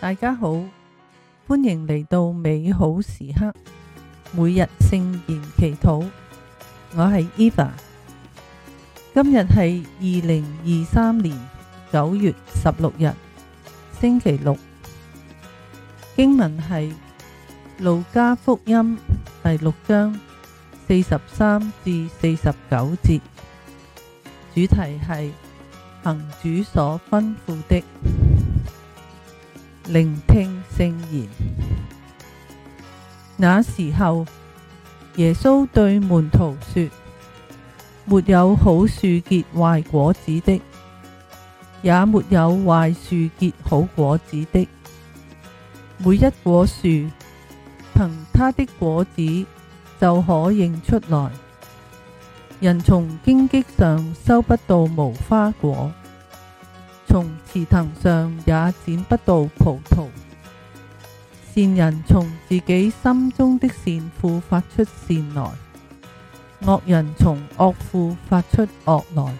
大家好，歡迎嚟到美好時刻，每日聖言祈禱。我係 Eva，今日係二零二三年九月十六日，星期六。經文係路加福音第六章四十三至四十九節，主題係行主所吩咐的。聆聽聖言。那時候，耶穌對門徒說：沒有好樹結壞果子的，也沒有壞樹結好果子的。每一棵樹，憑它的果子就可認出來。人從荊棘上收不到無花果。從茨藤上也剪不到葡萄。善人從自己心中的善庫發出善來，惡人從惡庫發出惡來。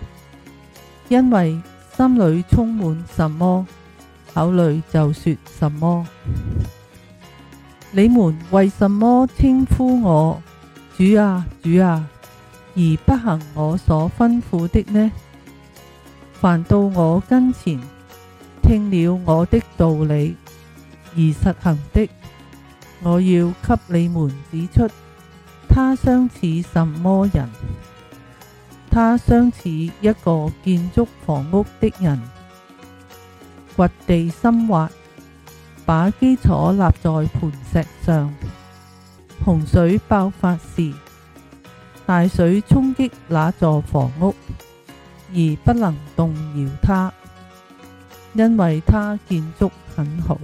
因為心裡充滿什麼，口裡就說什麼。你們為什麼稱呼我主啊主啊，而不行我所吩咐的呢？凡到我跟前聽了我的道理而實行的，我要給你們指出他相似什麼人。他相似一個建築房屋的人，掘地深挖，把基礎立在磐石上。洪水爆發時，大水沖擊那座房屋。而不能動搖它，因為它建築很好。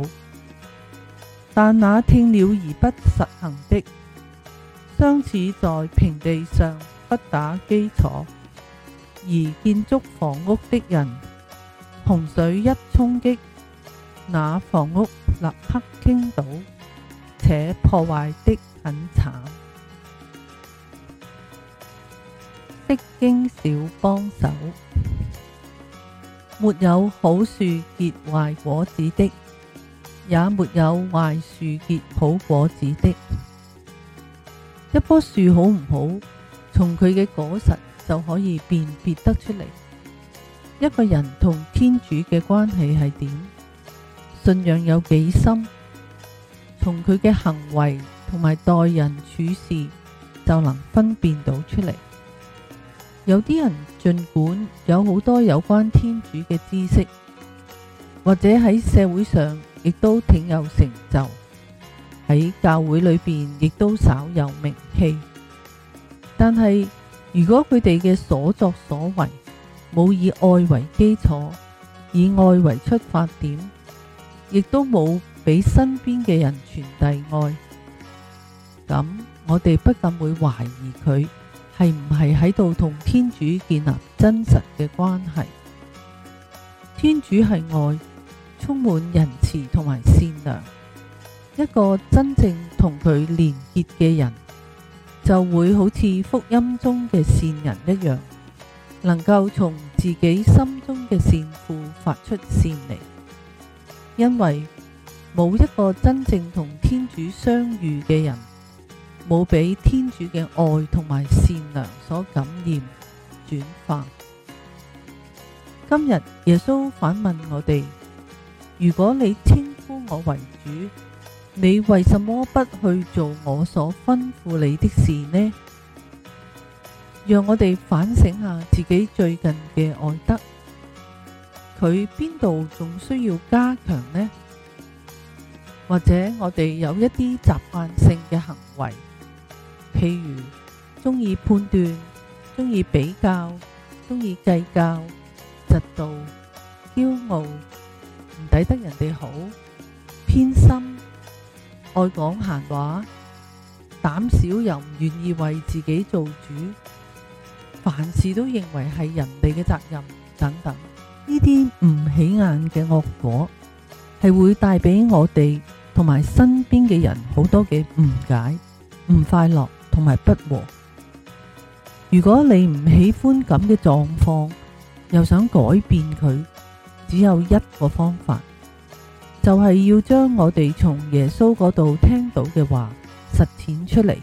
但那聽了而不實行的，相似在平地上不打基礎而建築房屋的人，洪水一衝擊，那房屋立刻傾倒，且破壞的很慘。釋經小幫手，沒有好樹結壞果子的，也沒有壞樹結好果子的。一棵樹好唔好，從佢嘅果實就可以辨別得出嚟。一個人同天主嘅關係係點，信仰有幾深，從佢嘅行為同埋待人處事就能分辨到出嚟。有啲人儘管有好多有關天主嘅知識，或者喺社會上亦都挺有成就，喺教會裏面亦都稍有名氣。但係如果佢哋嘅所作所為冇以愛為基礎，以愛為出發點，亦都冇畀身邊嘅人傳遞愛，噉我哋不禁會懷疑佢，係唔係喺度同天主建立真實嘅關係？天主係愛，充滿仁慈同埋善良。一個真正同佢連結嘅人，就會好似福音中嘅善人一樣，能夠從自己心中嘅善庫發出善嚟。因為冇一個真正同天主相遇嘅人。冇俾天主嘅愛同埋善良所感染轉化。今日耶穌反問我哋：如果你稱呼我為主，你為什麼不去做我所吩咐你的事呢？讓我哋反省下自己最近嘅愛德，佢邊度仲需要加強呢？或者我哋有一啲習慣性嘅行為？譬如中意判斷，中意比較，中意計較，嫉妒、驕傲，唔抵得人哋好，偏心，愛講閒話，膽小又唔願意為自己做主，凡事都認為係人哋嘅責任等等，呢啲唔起眼嘅惡果，係會帶俾我哋同埋身邊嘅人好多嘅誤解、唔快樂。同埋不和。如果你唔喜歡咁嘅狀況，又想改變佢，只有一個方法，就係、是、要將我哋從耶穌嗰度聽到嘅話實踐出嚟。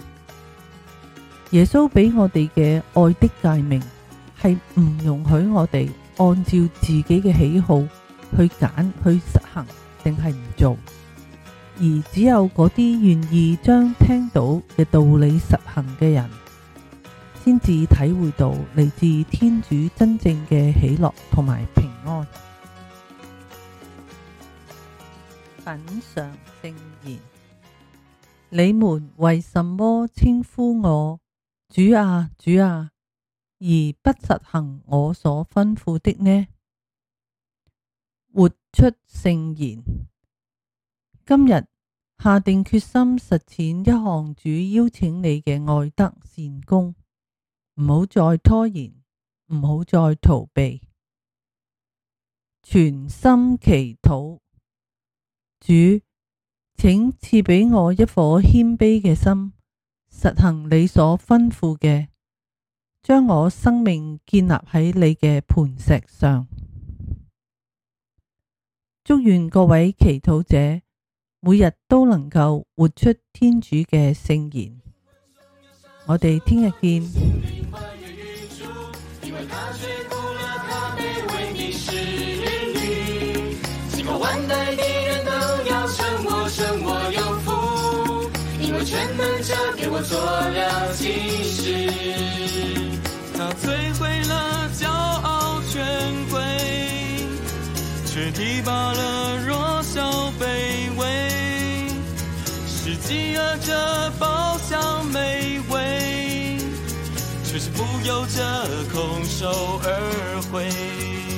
耶穌俾我哋嘅愛的誡命，係唔容許我哋按照自己嘅喜好去揀去實行，定係唔做。而只有嗰啲願意將聽到嘅道理實行嘅人，先至體會到嚟自天主真正嘅喜樂同埋平安。品嚐聖言，你們為什麼稱呼我主啊主啊，而不實行我所吩咐的呢？活出聖言。今日下定決心實踐一項主邀請你嘅愛德善工，唔好再拖延，唔好再逃避。全心祈禱，主，請賜畀我一顆謙卑嘅心，實行你所吩咐嘅，將我生命建立喺你嘅磐石上。祝願各位祈禱者，每日都能夠活出天主嘅聖言。我哋聽日見。 只飢餓者，飽享美味，卻使富有者空手而回。